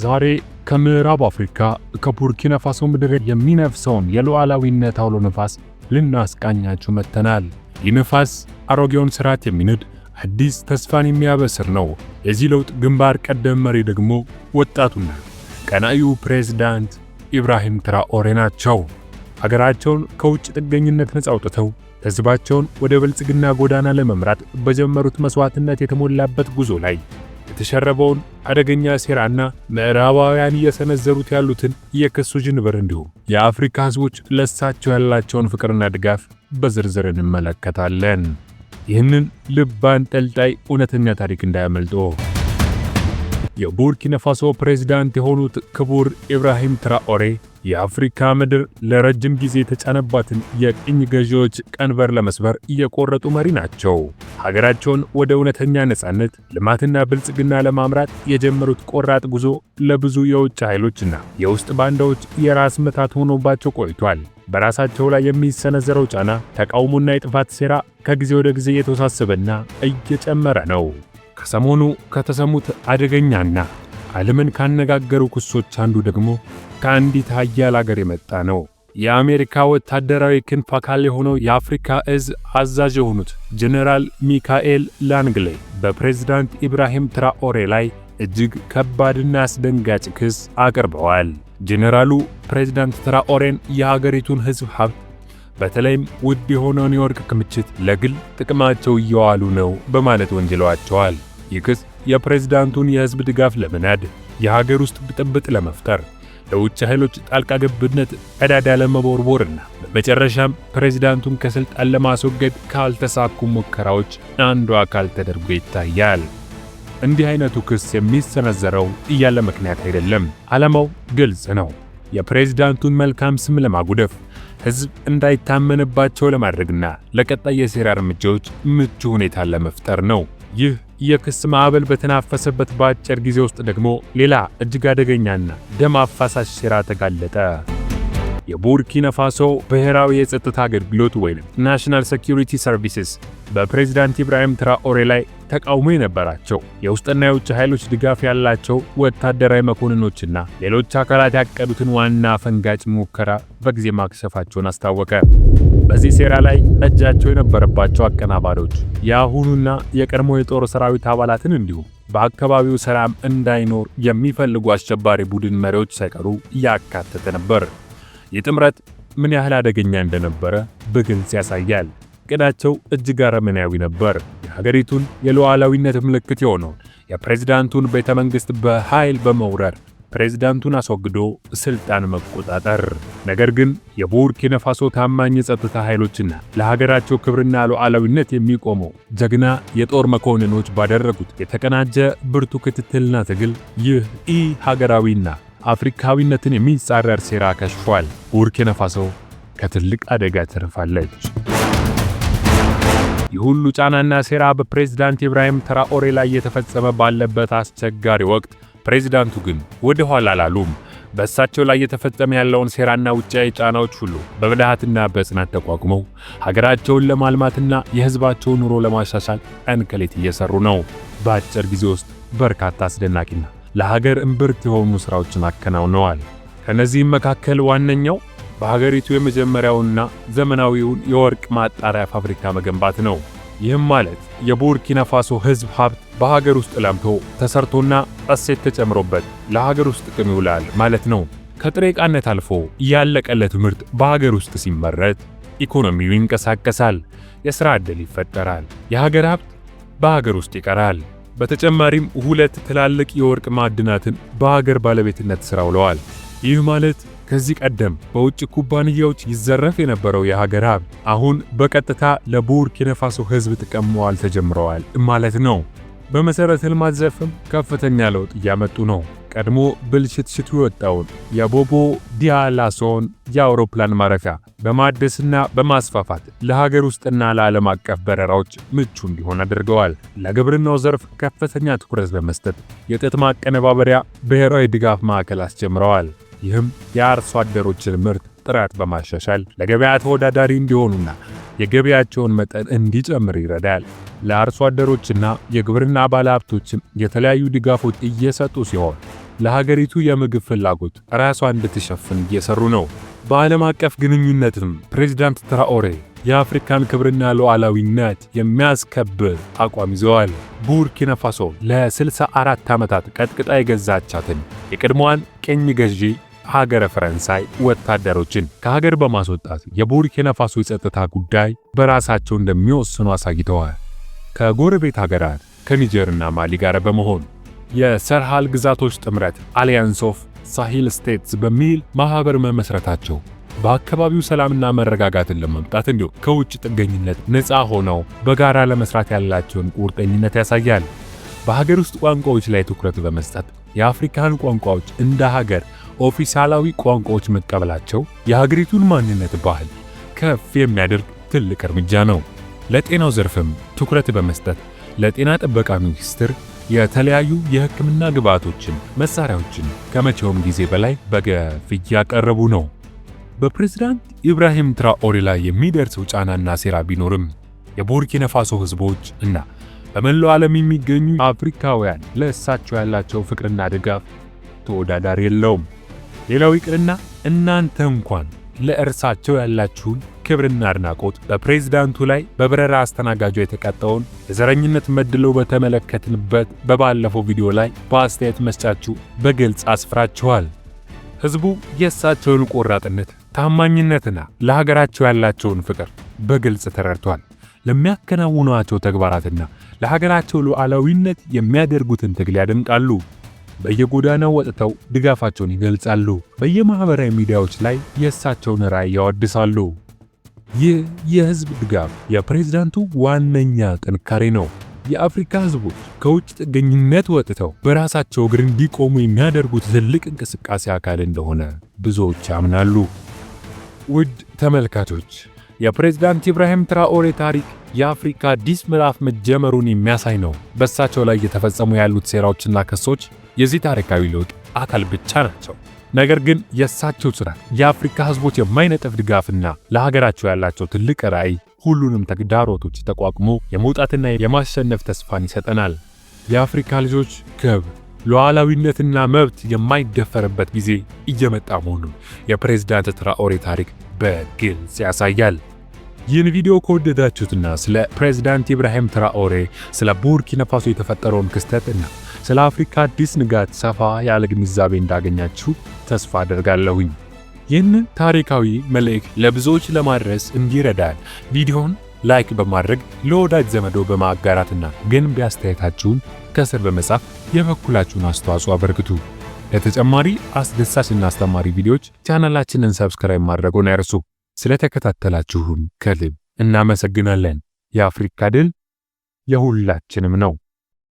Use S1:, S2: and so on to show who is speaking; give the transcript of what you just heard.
S1: ዛሬ ከምዕራብ አፍሪካ ከቡርኪና ፋሶ ምድር የሚነፍሰውን የሉዓላዊነት አውሎ ነፋስ ልናስቃኛችሁ መጥተናል። ይህ ነፋስ አሮጌውን ስርዓት የሚንድ አዲስ ተስፋን የሚያበስር ነው። የዚህ ለውጥ ግንባር ቀደም መሪ ደግሞ ወጣቱና ቀናዩ ፕሬዝዳንት ኢብራሂም ትራኦሬ ናቸው። ሀገራቸውን ከውጭ ጥገኝነት ነጻ አውጥተው ሕዝባቸውን ወደ ብልጽግና ጎዳና ለመምራት በጀመሩት መስዋዕትነት የተሞላበት ጉዞ ላይ የተሸረበውን አደገኛ ሴራና ምዕራባውያን እየሰነዘሩት ያሉትን የክሱ ጅንበር እንዲሁም የአፍሪካ ሕዝቦች ለሳቸው ያላቸውን ፍቅርና ድጋፍ በዝርዝር እንመለከታለን። ይህንን ልብ አንጠልጣይ እውነተኛ ታሪክ እንዳያመልጦ የቡርኪና ፋሶ ፕሬዝዳንት የሆኑት ክቡር ኢብራሂም ትራኦሬ የአፍሪካ ምድር ለረጅም ጊዜ የተጫነባትን የቅኝ ገዢዎች ቀንበር ለመስበር እየቆረጡ መሪ ናቸው። ሀገራቸውን ወደ እውነተኛ ነጻነት፣ ልማትና ብልጽግና ለማምራት የጀመሩት ቆራጥ ጉዞ ለብዙ የውጭ ኃይሎችና የውስጥ ባንዳዎች የራስ ምታት ሆኖባቸው ቆይቷል። በራሳቸው ላይ የሚሰነዘረው ጫና፣ ተቃውሞና የጥፋት ሴራ ከጊዜ ወደ ጊዜ እየተወሳሰበና እየጨመረ ነው። ከሰሞኑ ከተሰሙት አደገኛና ዓለምን ካነጋገሩ ክሶች አንዱ ደግሞ ከአንዲት ኃያል አገር የመጣ ነው። የአሜሪካ ወታደራዊ ክንፍ አካል የሆነው የአፍሪካ እዝ አዛዥ የሆኑት ጀኔራል ሚካኤል ላንግሌ በፕሬዝዳንት ኢብራሂም ትራኦሬ ላይ እጅግ ከባድና አስደንጋጭ ክስ አቅርበዋል። ጀኔራሉ ፕሬዝዳንት ትራኦሬን የሀገሪቱን ሕዝብ ሀብት በተለይም ውድ የሆነውን የወርቅ ክምችት ለግል ጥቅማቸው እየዋሉ ነው በማለት ወንጅለዋቸዋል። ይህ ክስ የፕሬዝዳንቱን የህዝብ ድጋፍ ለመናድ፣ የሀገር ውስጥ ብጥብጥ ለመፍጠር፣ ለውጭ ኃይሎች ጣልቃ ገብነት ቀዳዳ ለመቦርቦርና በመጨረሻም ፕሬዝዳንቱን ከስልጣን ለማስወገድ ካልተሳኩ ሙከራዎች አንዱ አካል ተደርጎ ይታያል። እንዲህ አይነቱ ክስ የሚሰነዘረው እያለ ምክንያት አይደለም። ዓላማው ግልጽ ነው። የፕሬዝዳንቱን መልካም ስም ለማጉደፍ፣ ህዝብ እንዳይታመንባቸው ለማድረግና ለቀጣይ የሴራ እርምጃዎች ምቹ ሁኔታን ለመፍጠር ነው። ይህ የክስ ማዕበል በተናፈሰበት በአጭር ጊዜ ውስጥ ደግሞ ሌላ እጅግ አደገኛና ደም አፋሳሽ ሴራ ተጋለጠ። የቡርኪና ፋሶ ብሔራዊ የጸጥታ አገልግሎት ወይም ናሽናል ሴኪሪቲ ሰርቪስስ በፕሬዝዳንት ኢብራሂም ትራኦሬ ላይ ተቃውሞ የነበራቸው የውስጥና የውጭ ኃይሎች ድጋፍ ያላቸው ወታደራዊ መኮንኖችና ሌሎች አካላት ያቀዱትን ዋና ፈንጋጭ ሙከራ በጊዜ ማክሸፋቸውን አስታወቀ። በዚህ ሴራ ላይ እጃቸው የነበረባቸው አቀናባሪዎች የአሁኑና የቀድሞ የጦር ሰራዊት አባላትን እንዲሁም በአካባቢው ሰላም እንዳይኖር የሚፈልጉ አሸባሪ ቡድን መሪዎች ሳይቀሩ ያካተተ ነበር። ይህ ጥምረት ምን ያህል አደገኛ እንደነበረ በግልጽ ያሳያል። ቅዳቸው እጅግ አረመኔያዊ ነበር። የሀገሪቱን የሉዓላዊነት ምልክት የሆነውን የፕሬዝዳንቱን ቤተ መንግሥት በኃይል በመውረር ፕሬዝዳንቱን አስወግዶ ስልጣን መቆጣጠር። ነገር ግን የቡርኪና ፋሶ ታማኝ የጸጥታ ኃይሎችና ለሀገራቸው ክብርና ሉዓላዊነት የሚቆሙ ጀግና የጦር መኮንኖች ባደረጉት የተቀናጀ ብርቱ ክትትልና ትግል ይህ ኢ ሀገራዊና አፍሪካዊነትን የሚጻረር ሴራ ከሽፏል። ቡርኪና ፋሶ ከትልቅ አደጋ ተርፋለች። ይሁሉ ጫናና ሴራ በፕሬዝዳንት ኢብራሂም ትራኦሬ ላይ የተፈጸመ ባለበት አስቸጋሪ ወቅት ፕሬዚዳንቱ ግን ወደ ኋላ አላሉም። በእሳቸው ላይ እየተፈጸመ ያለውን ሴራና ውጫዊ ጫናዎች ሁሉ በብልሃትና በጽናት ተቋቁመው ሀገራቸውን ለማልማትና የህዝባቸውን ኑሮ ለማሻሻል ቀን እየሰሩ ነው። በአጭር ጊዜ ውስጥ በርካታ አስደናቂና ለሀገር እምብርት የሆኑ ስራዎችን አከናውነዋል። ከነዚህም መካከል ዋነኛው በሀገሪቱ የመጀመሪያውንና ዘመናዊውን የወርቅ ማጣሪያ ፋብሪካ መገንባት ነው። ይህም ማለት የቡርኪና ፋሶ ህዝብ ሀብት በሀገር ውስጥ ለምቶ ተሰርቶና እሴት ተጨምሮበት ለሀገር ውስጥ ጥቅም ይውላል ማለት ነው። ከጥሬ ዕቃነት አልፎ ያለቀለት ምርት በሀገር ውስጥ ሲመረት ኢኮኖሚው ይንቀሳቀሳል፣ የሥራ ዕድል ይፈጠራል፣ የሀገር ሀብት በሀገር ውስጥ ይቀራል። በተጨማሪም ሁለት ትላልቅ የወርቅ ማዕድናትን በሀገር ባለቤትነት ሥራ ውለዋል። ይህ ማለት ከዚህ ቀደም በውጭ ኩባንያዎች ይዘረፍ የነበረው የሀገር ሀብት አሁን በቀጥታ ለቡርኪና ሕዝብ ጥቅም መዋል ተጀምረዋል ማለት ነው። በመሠረተ ልማት ዘርፍም ከፍተኛ ለውጥ እያመጡ ነው። ቀድሞ ብልሽትሽቱ የወጣውን የቦቦ ዲያላሶን የአውሮፕላን ማረፊያ በማደስና በማስፋፋት ለሀገር ውስጥና ለዓለም አቀፍ በረራዎች ምቹ እንዲሆን አድርገዋል። ለግብርናው ዘርፍ ከፍተኛ ትኩረት በመስጠት የጥጥ ማቀነባበሪያ ብሔራዊ ድጋፍ ማዕከል አስጀምረዋል። ይህም የአርሶ አደሮችን ምርት ጥራት በማሻሻል ለገበያ ተወዳዳሪ እንዲሆኑና የገበያቸውን መጠን እንዲጨምር ይረዳል። ለአርሶ አደሮችና የግብርና ባለሀብቶችም የተለያዩ ድጋፎች እየሰጡ ሲሆን ለሀገሪቱ የምግብ ፍላጎት ራሷን እንድትሸፍን እየሰሩ ነው። በዓለም አቀፍ ግንኙነትም ፕሬዚዳንት ትራኦሬ የአፍሪካን ክብርና ሉዓላዊነት የሚያስከብር አቋም ይዘዋል። ቡርኪና ፋሶ ለ64 ዓመታት ቀጥቅጣ የገዛቻትን የቀድሞዋን ቅኝ ገዢ ሀገረ ፈረንሳይ ወታደሮችን ከሀገር በማስወጣት የቡርኪና ፋሶ የጸጥታ ጉዳይ በራሳቸው እንደሚወስኑ አሳይተዋል። ከጎረቤት ሀገራት ከኒጀርና ማሊ ጋር በመሆን የሰርሃል ግዛቶች ጥምረት አሊያንስ ኦፍ ሳሂል ስቴትስ በሚል ማህበር መመስረታቸው በአካባቢው ሰላምና መረጋጋትን ለመምጣት እንዲሁም ከውጭ ጥገኝነት ነፃ ሆነው በጋራ ለመስራት ያላቸውን ቁርጠኝነት ያሳያል። በሀገር ውስጥ ቋንቋዎች ላይ ትኩረት በመስጠት የአፍሪካን ቋንቋዎች እንደ ሀገር ኦፊሳላዊ ቋንቋዎች መቀበላቸው የሀገሪቱን ማንነት ባህል ከፍ የሚያደርግ ትልቅ እርምጃ ነው። ለጤናው ዘርፍም ትኩረት በመስጠት ለጤና ጥበቃ ሚኒስቴር የተለያዩ የሕክምና ግብዓቶችን፣ መሳሪያዎችን ከመቼውም ጊዜ በላይ በገፍ እያቀረቡ ነው። በፕሬዝዳንት ኢብራሂም ትራኦሬ ላይ የሚደርሰው ጫናና ሴራ ቢኖርም የቡርኪና ፋሶ ሕዝቦች እና በመላው ዓለም የሚገኙ አፍሪካውያን ለእሳቸው ያላቸው ፍቅርና ድጋፍ ተወዳዳሪ የለውም። ሌላው ይቅርና እናንተ እንኳን ለእርሳቸው ያላችሁን ክብርና አድናቆት በፕሬዝዳንቱ ላይ በበረራ አስተናጋጇ የተቀጠውን የዘረኝነት መድሎ በተመለከትንበት በባለፈው ቪዲዮ ላይ በአስተያየት መስጫችሁ በግልጽ አስፍራችኋል። ሕዝቡ የእሳቸውን ቆራጥነት፣ ታማኝነትና ለሀገራቸው ያላቸውን ፍቅር በግልጽ ተረድቷል። ለሚያከናውኗቸው ተግባራትና ለሀገራቸው ሉዓላዊነት የሚያደርጉትን ትግል ያደንቃሉ። በየጎዳናው ወጥተው ድጋፋቸውን ይገልጻሉ። በየማህበራዊ ሚዲያዎች ላይ የእሳቸውን ራዕይ ያወድሳሉ። ይህ የህዝብ ድጋፍ የፕሬዝዳንቱ ዋነኛ ጥንካሬ ነው። የአፍሪካ ህዝቦች ከውጭ ጥገኝነት ወጥተው በራሳቸው እግር እንዲቆሙ የሚያደርጉት ትልቅ እንቅስቃሴ አካል እንደሆነ ብዙዎች ያምናሉ። ውድ ተመልካቾች የፕሬዝዳንት ኢብራሂም ትራኦሬ ታሪክ የአፍሪካ አዲስ ምዕራፍ መጀመሩን የሚያሳይ ነው። በእሳቸው ላይ እየተፈጸሙ ያሉት ሴራዎችና ክሶች የዚህ ታሪካዊ ለውጥ አካል ብቻ ናቸው። ነገር ግን የእሳቸው ጽናት፣ የአፍሪካ ህዝቦች የማይነጥፍ ድጋፍና ለሀገራቸው ያላቸው ትልቅ ራዕይ ሁሉንም ተግዳሮቶች ተቋቁሞ የመውጣትና የማሸነፍ ተስፋን ይሰጠናል። የአፍሪካ ልጆች ክብር፣ ሉዓላዊነትና መብት የማይደፈርበት ጊዜ እየመጣ መሆኑን የፕሬዝዳንት ትራኦሬ ታሪክ በግልጽ ያሳያል። ይህን ቪዲዮ ከወደዳችሁትና ስለ ፕሬዝዳንት ኢብራሂም ትራኦሬ፣ ስለ ቡርኪና ፋሶ የተፈጠረውን ክስተት እና ስለ አፍሪካ አዲስ ንጋት ሰፋ ያለ ግንዛቤ እንዳገኛችሁ ተስፋ አደርጋለሁኝ። ይህንን ታሪካዊ መልእክት ለብዙዎች ለማድረስ እንዲረዳን ቪዲዮን ላይክ በማድረግ ለወዳጅ ዘመዶ በማጋራትና ገንቢ አስተያየታችሁን ከስር በመጻፍ የበኩላችሁን አስተዋጽኦ አበርክቱ። ለተጨማሪ አስደሳችና አስተማሪ ቪዲዮዎች ቻናላችንን ሰብስክራይብ ማድረጉን አይርሱ። ስለተከታተላችሁን ከልብ እናመሰግናለን። የአፍሪካ ድል የሁላችንም ነው።